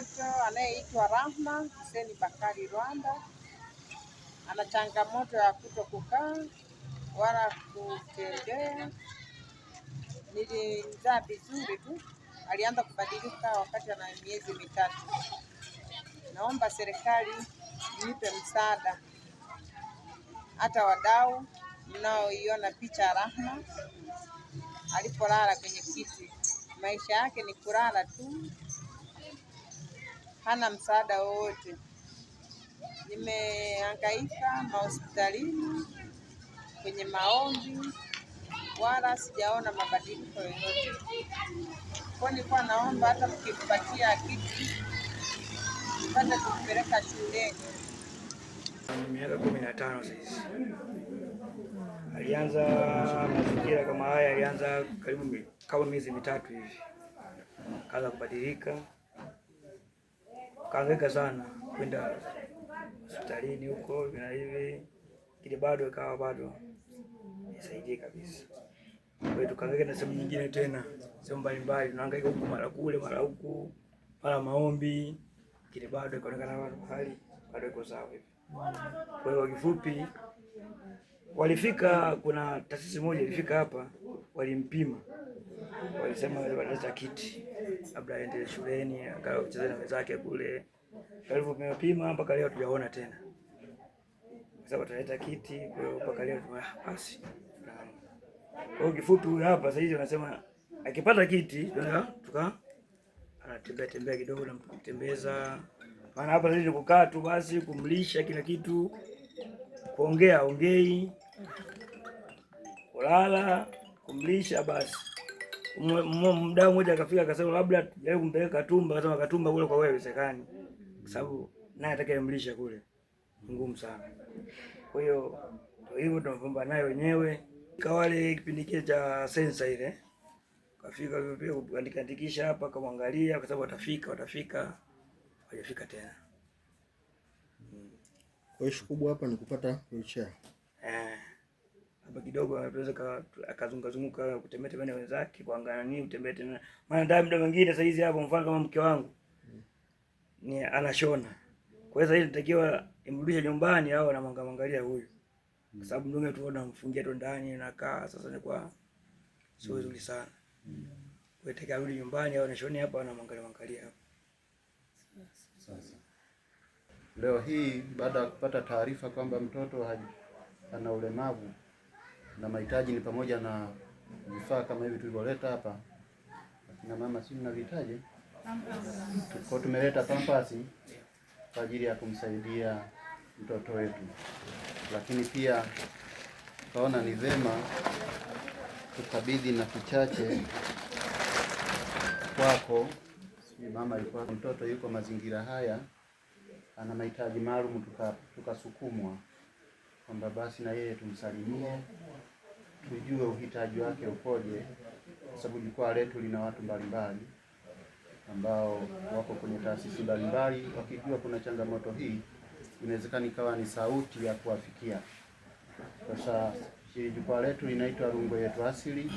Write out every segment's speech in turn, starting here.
mtoto anayeitwa Rahma Huseni Bakari Rwanda ana changamoto ya kuto kukaa wala kutembea. Nilimzaa vizuri tu, alianza kubadilika wakati ana miezi mitatu. Naomba serikali nipe msaada, hata wadau mnaoiona picha ya Rahma alipolala kwenye kiti, maisha yake ni kulala tu hana msaada wowote. Nimehangaika mahospitalini kwenye maombi, wala sijaona mabadiliko yoyote. Kwa nilikuwa naomba hata mkimpatia kitu ipate kumpeleka shuleni. Miaka kumi na tano sasa alianza mazingira kama haya, alianza karibu kama miezi mitatu hivi, kaanza kubadilika kaangaika sana kwenda hospitalini huko na hivi, lakini bado ikawa bado nisaidie kabisa. Kwa hiyo tukaangaika na sehemu nyingine tena, sehemu mbalimbali, tunaangaika huku mara kule mara huku mara maombi, lakini bado ikaonekana bado hali bado iko sawa hivi. Kwa hiyo kifupi, walifika kuna taasisi moja ilifika hapa, walimpima, walisema wanaweza kiti labda aende shuleni angalau kucheza na wenzake kule. Karibu Alivyopima mpaka leo tujaona tena, Sasa tunaleta kiti kwa hiyo mpaka leo ah, basi. Kwa kifupi, huyu hapa sasa hivi wanasema akipata kiti tuka anatembea tembea kidogo, na namtembeza. Maana hapa sasa hivi kukaa tu basi, kumlisha kila kitu, kuongea ongei, kulala, kumlisha basi mdau mmoja akafika akasema labda tujaribu kumpeleka Katumba, akasema Katumba kule kwa wewe haiwezekani, kwa sababu naye atakayemlisha kule ngumu sana. Kwa hiyo hivyo tunapambana naye wenyewe. Kawale kipindi kile cha sensa ile kafika pia kuandikisha hapa, kamwangalia kwa sababu watafika watafika, hajafika tena. Kwa hiyo kubwa hapa ni kupata wheelchair eh hapa kidogo, anaweza akazungazunguka kutembea tembea na wenzake, kuangalia nini, kutembea tena. Maana ndio muda mwingine sasa hizi hapo, mfano kama mke wangu ni anashona, kwa hiyo sasa hizi natakiwa imrudishe nyumbani au na anamwangalia huyu, kwa sababu ndio tunaona mfungia tu ndani na kaa. Sasa ni kwa sio vizuri sana, kwa hiyo takiwa rudi nyumbani au anashona hapa, anamwangalia mwangalia hapo. Sasa leo hii baada ya kupata taarifa kwamba mtoto ana ulemavu na mahitaji ni pamoja na vifaa kama hivi tulivyoleta hapa. Akina mama, si mnavihitaji? Kwa tumeleta pampasi kwa ajili ya kumsaidia mtoto wetu, lakini pia tukaona ni vema tukabidhi na kichache kwako. Si mama alikuwa mtoto yuko mazingira haya ana mahitaji maalum, tukasukumwa tuka kwamba basi na yeye tumsalimie tujue uhitaji wake ukoje, kwa sababu jukwaa letu lina watu mbalimbali ambao wako kwenye taasisi mbalimbali. Wakijua kuna changamoto hii, inawezekana ikawa ni sauti ya kuwafikia. Sasa hili jukwaa letu linaitwa Rungwe Yetu Asili.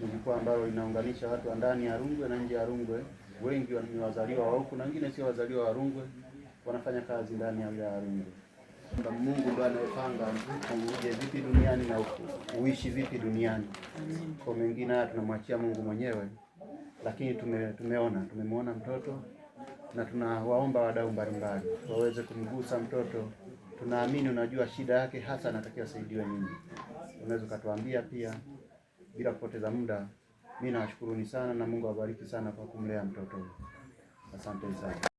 Ni jukwaa ambalo linaunganisha watu wa ndani ya Rungwe na nje ya Rungwe. Wengi ni wazaliwa wa huku na wengine sio wazaliwa wa Rungwe, wanafanya kazi ndani ya wilaya ya Rungwe. Mungu ndo anayepanga uje vipi duniani na uishi vipi duniani. Kwa mengine haya tunamwachia Mungu mwenyewe, lakini tume, tumeona tumemwona mtoto na tunawaomba wadau mbalimbali waweze kumgusa mtoto. Tunaamini unajua shida yake hasa, anatakiwa saidiwe nini. Unaweza ukatuambia pia bila kupoteza muda. Mimi nawashukuruni sana na Mungu awabariki sana kwa kumlea mtoto. Asante sana.